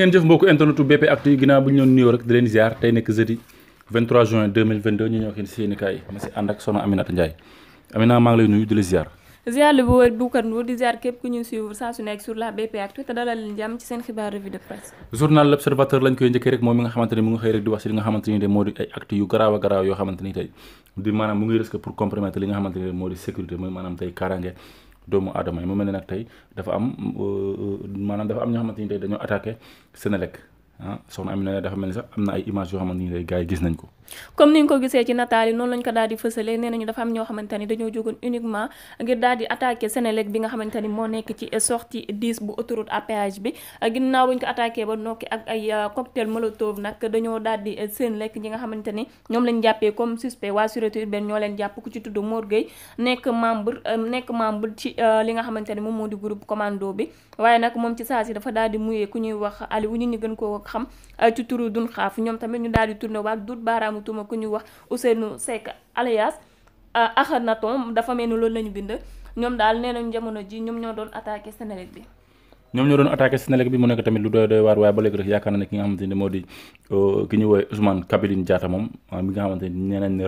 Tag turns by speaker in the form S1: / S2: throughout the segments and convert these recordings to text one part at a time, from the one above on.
S1: ngeen koy njëkkee rek moom mi nga xamante mu ngi xëy rek di wax si li nga xamante de moo di ay actes yu garaaw garaaw yoo xamante tey moo di sécurité mooy maanaam tey kaaraange doomu aadama yi mu mel ne nag tey dafa am euh, euh, maanaam dafa am ñoo xamante ni tey dañoo attaqué Senelec ah soxna Amina dafa mel ni sax am na ay images yoo xamante ni gars yi gis nañ ko.
S2: comme ni nga ko gisee ci nataal noonu lañ ko daal di fësalee nee nañu dafa am ñoo xamante ni dañoo moo nekk ci sortie bi ginnaaw buñ ko euh, jàppee comme suspect waa sûreté urbaine ñoo leen jàpp ku ci tudd Mor nekk membre euh, nekk membre ci euh, li nga xamante moom moo di groupe commando bi waaye nag moom ci saa si dafa daal di muyee ku ñuy wax Aliou ñu ñu gën ko xam ci turu dun xaaf ñoom tamit ñu daal di tourné waat dut baaraamu tuuma ku ñu wax Ousseynou Seck alias euh, Akhenaton dafa mel ni loolu la ñu bind ñoom daal nee nañ jamono ji ñoom ñoo doon attaqué Senelec bi
S1: ñoom ñoo doon attaqué Senelec bi mu nekk tamit lu doy doy waar waaye ba léegi rek yaakaar na ne ki nga xamante ne moo di euh, ki ñu woowee Ousmane Kabiline Diatta moom mi nga xamante ne nee nañ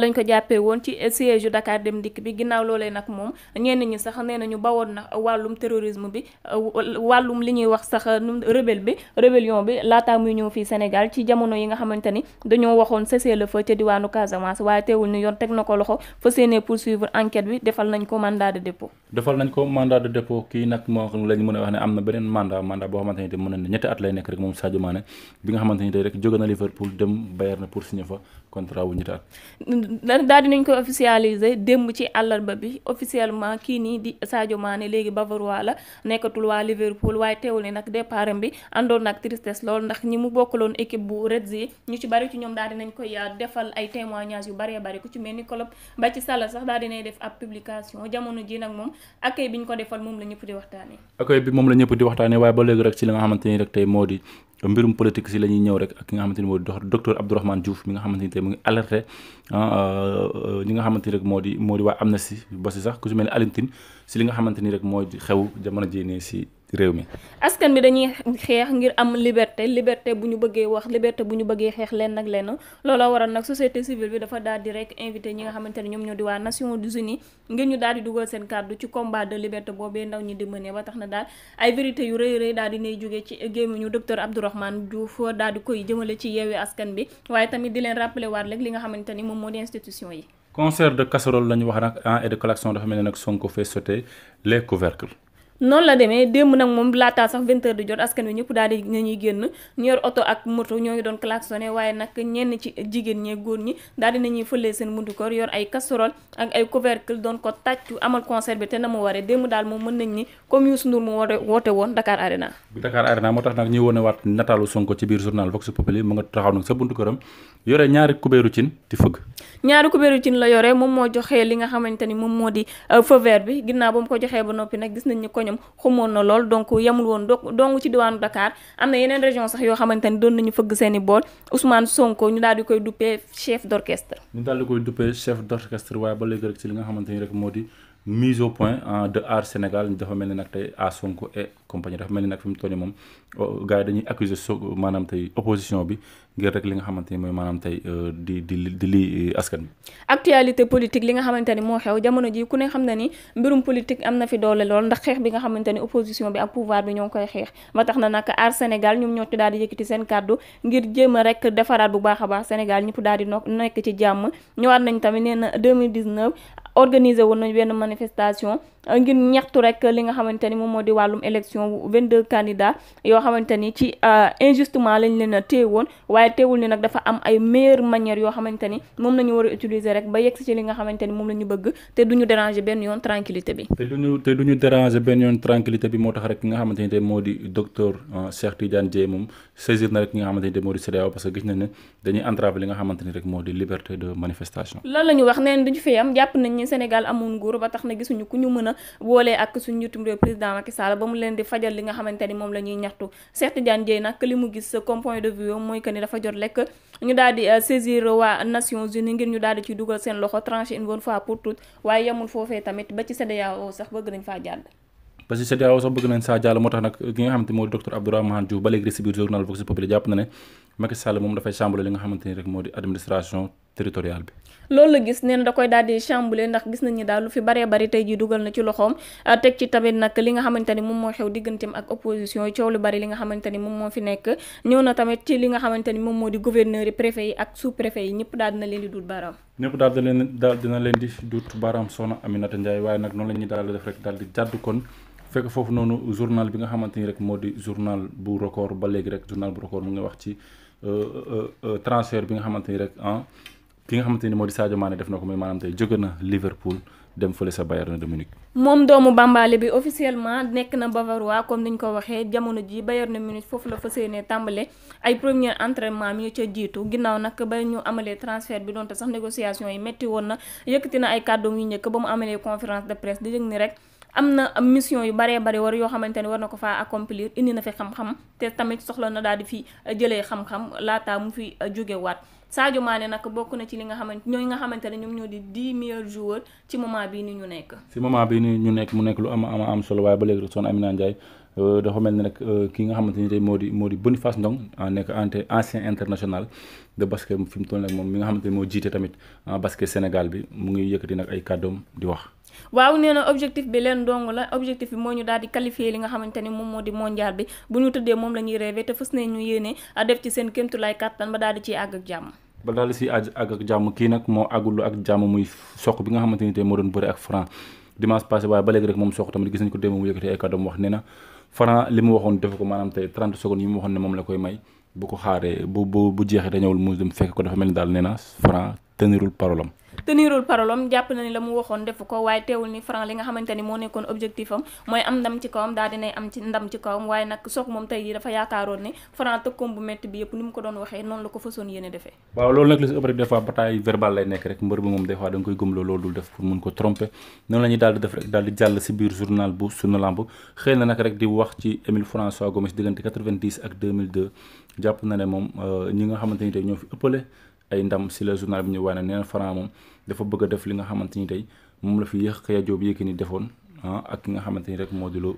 S2: dañ ko jàppee woon ci siège Dem Dikk bi ginnaaw loolee nag moom ñenn ñi sax nee nañu bawoon na wàllum terrorisme bi euh, wàllum li ñuy wax sax rebel bi rébellion bi laataa muy ñëw fii Sénégal ci jamono yi nga xamante ni dañoo waxoon cessez-le-feu ca diwaanu Casamance waaye teewul ni yoon teg na ko loxo fas yéene poursuivre enquête bi defal nañ ko mandat de dépôt
S1: defal nañ ko mandat de dépôt kii nag moo xam lañ mën a wax ne am na beneen mandat mandat boo xamante ni te mën at lay nekk rek moom Sadio Mané bi nga xamante ni tey rek jóge na Liverpool dem Bayern pour signer fa contrat wu ñitaat
S2: daal dinañ koy officialiser démb ci àllarba bi officiellement kii nii di Sadio Mané léegi Bavarois la nekkatul waa Liverpool waaye teewul ni nag ah, defal ay témoignages yu baree bari ku ci mel ni Klopp ba ci Salah sax daal dinay def ab publication jamono ji nag moom accueil bi ñu ko defal moom la ñëpp di waxtaanee.
S1: accueil bi moom la ñëpp di waxtaanee waaye ba léegi rek ci li nga xamante rek tey moo di mbirum politique si la ñëw rek mu ngi alerté ah, euh, ñi nga xamante rek moo di moo di waa Amnesty ba si sax ku si mel ni Alioune si li nga xamante ni rek moo xew jamono jii nii si réew mi.
S2: askan bi dañuy xeex ngir am liberté liberté bu ñu bëggee wax liberté bu ñu bëggee xeex lenn ak lenn looloo waral nag société civile bi dafa daal di rek invité ñi nga xamante ne ñoom ñoo di waa Nations daal di dugal seen kàddu ci combat de liberté boobee ndaw ñi tax na daal ay vérité yu rëy rëy daal di nay jóge ci gémmiñu docteur Abdourahmane Diouf daal di koy jëmale ci yeewee askan bi waaye tamit di leen rappelé waat rek li nga xamante ni moom moo di institution yi.
S1: concert de casserole la ñu wax nag et de klaxon dafa mel ne nag
S2: noonu la demee démb nag moom laataa sax vingt heures di jot askan wi ñëpp daal di nañuy génn ñu yor oto ak moto ñoo ngi doon klaxonné waaye nag ñenn ci jigéen ñee góor ñi daal di nañuy fëlee seen buntu kër yor ay casserole ak ay couvercle doon ko
S1: Arena moo tax nag ñuy wone waat nataalu Sonko ci biir journal Vox Populi mu nga taxaw nag sa buntu këram yore ñaari kubéeru cin di fëgg
S2: ñaari kubéeru cin la yore moom moo joxee li nga xamante moo euh, koñam xumoon na lool donc yemul woon do dong ci diwaanu Dakar am na yeneen région sax yoo xamante ni doon nañu fëgg seeni bool Ousmane Sonko ñu daal di koy duppee chef d' orchestre.
S1: ñu daal di koy duppee chef d' waaye ba léegi rek ci li nga xamante ni rek moo di mise au point de Aar Sénégal dafa mel ni nag tey à Sonko et compagnie dafa mel ni nag fi mu toll nii moom euh, gars yi dañuy accuser euh, maanaam tey opposition bi ngir li nga xamante ni mooy maanaam tey euh, di di di lii
S2: politique li nga xamante ni moo xew jamono ji ku ne xam na ni mbirum politique am na fi doole lool ndax xeex bi nga xamante bi ak pouvoir bi ñoo koy xeex ba tax na nag Aar Sénégal ñoom ñoo ci daal di yëkkati seen kàddu ngir jéem a rek defaraat bu baax a baax Sénégal ñëpp daal di nekk ci jàmm ñëwaat nañ tamit nee organiser woon nañ benn manifestation ngir ñaxtu rek li nga xamante ni moom moo di wàllum élection bu 22 candidats yoo xamante ni ci euh, injustement lañ leen a téye woon waaye teewul ni nag dafa am ay meilleure manière yoo xamante ni moom la ñu war a utiliser rek ba yegg si ci li nga xamante ni moom la ñu bëgg te du ñu déranger benn yoon tranquillité bi.
S1: te du ñu te du ñu déranger benn yoon tranquillité bi moo tax rek nga xamante te moo di docteur euh, Cheikh Tidiane Dièye moom na rek nga xamante ni te moo di CEDEAO parce li nga xamante ni rek moo di liberté de manifestation.
S2: ni Sénégal amul nguur ba tax na gisuñu ku ñu mën a boolee ak suñu njiitum réew président Macky Sall ba mu leen di fajal li nga xamante ni moom la ñuy ñaxtu Cheikh Tidiane Dièye nag li mu gis comme point de vue mooy que ni dafa jot lekk ñu daal di euh, waa Nations Unies ngir ñu daal ci dugal seen loxo tranché une bonne fois pour toutes waaye yemul foofee tamit ba ci CEDEAO sax bëgg nañ faa jàll
S1: parce que CEDEAO sax bëgg nañ saa jàll moo tax nag ki nga xamante Macky Sall moom dafay chamboulé li nga xamante ni rek moo di administration territoriale bi.
S2: loolu la gis nee da koy daal di chamboulé ndax gis nañu daal lu fi baree bari tey jii dugal na ci loxoom ah, teg ci tamit nag li nga xamante ni moom moo xew digganteem ak opposition li nga xamante ni moom moo fi nekk ñëw na tamit ci li nga xamante ni moom moo di gouverneur yi préfet yi ak sous préfet yi ñëpp daal dina leen di duut baaraam.
S1: ñëpp daal leen daal dina leen di duut baaraam soxna Aminata Ndiaye waaye nag noonu la ñuy di def rek daal di bi nga xamante ni rek moo di journal bu record ba léegi Euh, euh, euh, transfer bi nga xamante ni rek ah ki nga xamante ni moo di Sadio def na ko muy maanaam tey jóge na Liverpool dem fële sa Bayern de Munich.
S2: moom doomu Bambale bi officiellement nekk na Bavarois comme ni ñu ko waxee jamono ji Bayern de Munich foofu la fa séenee tàmbale ay premier entraînement mi ca jiitu ginnaaw nag ba ñu amalee transfert bi donte sax négociation yi métti woon na yëkkati na ay kàddu yu njëkk ba mu amalee conférence de presse rek. am na am mission yu baree bari war yoo xamante ne war na ko faa accomplir indi na fi xam-xam te tamit soxla na daal di fi uh, jëlee xam-xam laataa mu fi uh, jógewaat Sadio Mané nag bokk na ci li nga xamante ñooy nga xamante ne ñoom ñoo di dix meilleurs joueurs ci moment bii ni ñu nekk.
S1: ci moment bii ni ñu nekk mu nekk lu am am am solo waaye ba léegi rek soxna Amina Ndiaye Euh, dafa mel ni nag euh, ki nga xamante ni tey moo di moo di Boniface Ndong euh, nekk ante ancien international de basket fi toll nag moom mi nga xamante ni moo jiite tamit basket Sénégal bi mu ngi yëkkati nag ay kàddoom di wax.
S2: waaw nee na la objectif bi ñu daal di qualifier li nga xamante ni moom moo di mondial bi ñu tëddee moom la ñuy rêvé te fës nañ ñu yéene def ci daal di ciy àgg ak jàmm.
S1: ba daal di àgg ak jàmm kii nag moo àggul ak jàmm muy soq bi nga xamante tey moo doon bëri ak franc dimanche passé waaye ba léegi rek moom soq tamit gis nañ ko démb mu yëkkati ay kàddoom wax nee na Franc li mu waxoon def ko maanaam tey 30 secondes yi mu waxoon ne moom la koy may bu ko xaaree bu bu bu jeexee te ñëwul mu dem fekk ko dafa mel ni daal neena na Franc tenirul
S2: tenirul parolam jàpp na ni la mu waxoon defu ko waaye teewul ni Franc li nga xamante ni moo nekkoon objectif am mooy am ndam ci kawam daal dinay am ci ndam ci kawam waaye nag soog moom tey dafa yaakaaroon ni Franc tëkkoom yëpp ni mu ko doon waxee noonu la ko fasoon yéene defee
S1: waaw loolu nag li si ëpp rek des mun ko tromper noonu la ñuy daal di def rek daal di jàll si biir journal bu sunu lamb xëy na nag rek di wax ci Émile François Gomis diggante 90 ak 2002 jàpp na ne moom euh, ñi nga xamante ni tey ñoo fi ëppale ay ndam si la journal bi ñu wane nee na Franc dafa bëgg a def li nga xamante ni tey moom la fi yéex Kaya Diop ni defoon Ah, ak ki nga xamante ni rek Modou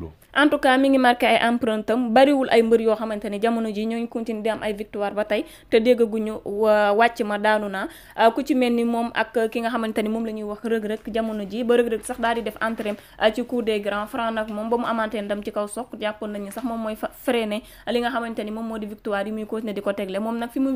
S2: Lo mi ngi marqué ay empreinte am bariwul ay mbër yoo xamante ni jamono ji ñooñu continue di am ay victoire ba tey te déggaguñu wàcc ma naa ah, ci mel ni moom ak ki nga xamante ni moom la ñuy wax jamono ji ba sax daal di def entrée ah, moom ba mu amantee ndam ci kaw soq jàppoon moom mooy freiné li nga xamante ni moom moo di victoire yi ko tegle moom nag fi mu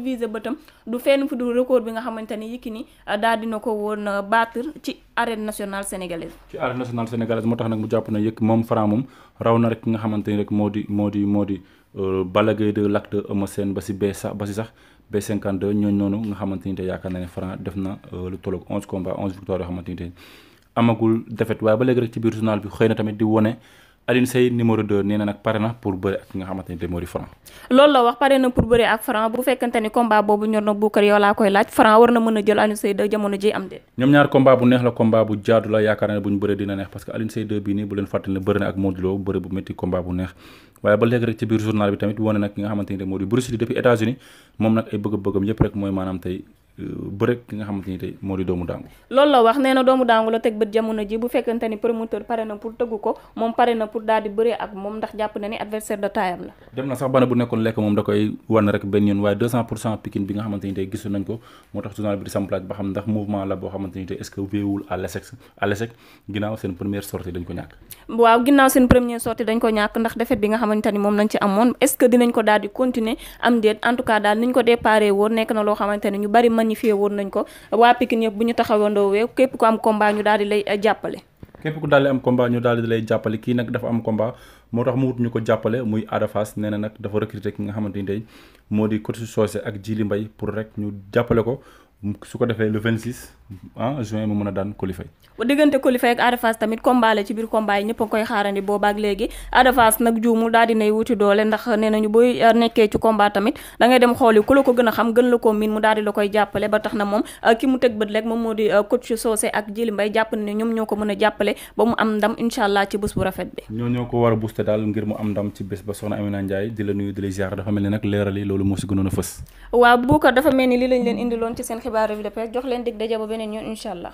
S2: fu dul record bi nga xamante ni Yékini daal dina ko woon battre ci arène nationale sénégalaise.
S1: ci arène nationale sénégalaise moo tax nag mu jàpp na yëg moom Franc moom raw na rek ki nga xamante ni rek moo di moo di moo di euh, Balla Gaye 2 Lac 2 Eumeu Sène ba si bee sax ba si sax ñooñ noonu nga xamante ni te yaakaar na ne Franc def na euh, lu tolloog 11 combats 11 victoires yoo xamante ni amagul defet waaye ba léegi rek ci biir journal bi xëy na tamit di wone. Alioune Seye numéro 2 nee na nag pare na pour bëre ak nga xamante ni moo di
S2: loolu la wax pare na pour bëre ak Franc bu fekkente ni combat boobu ñor na Boucar yow laa koy laaj Franc war na mën a jël Alioune Seye jamono ji am de.
S1: ñoom ñaar combat bu neex la combat bu jaadu la yaakaar naa ne bëree dina neex parce que Alioune Seye bii nii bu leen fàttali ne na ak Modou Lo bu métti combat bu neex waaye ba léegi rek ci biir journal bi tamit wane nag bëre nga xamante tey moo di doomu dàngu
S2: loolu la wax nee doomu dàngu la teg bët jamono ji bu fekkente ni promoteur pare na pour tëggu ko moom pare na pour daal di bëree ak moom ndax jàpp na ni adversaire de taille la
S1: dem na sax bana bu nekkoon lekk
S2: na loo xamante ñu bari magnifié woon nañ ko waa Pikine ñëpp bu ñu taxawandoo wee képp ku am combat ñu daal di lay eh, jàppale
S1: képp ku daal am combat ñu daal di lay jàppale kii nag dafa am combat moo tax mu wut ñu ko jàppale muy Ada Fass nee na nag dafa recruter ki nga xamante ni tey moo di coach Socé ak Djily Mbaye pour rek ñu jàppale ko su ko defee le 26 ah juin mu mën a daan Coly Faye.
S2: bu diggante Coly Faye ak Ada tamit combat ci biir combat yi ñëpp a koy xaarandi boobaak léegi Ada Fass nag juumul daal dinay wuti doole ndax nee nañu booy euh, nekkee ci combat tamit da dem xool ku la ko gën a xam gën la koo miin mu daal di la koy jàppale ba tax na moom euh, ki mu teg bët rek moom moo di euh, coach Socé ak Djily Mbaye jàpp na ñoom ñoo ko mën a jàppale ba mu am ndam incha ci bés bu a la nuyu di lay ko dafa mel ni li lañ leen indiloon xibaaru bi la pare jox leen dig daje ba beneen yoon incha allah.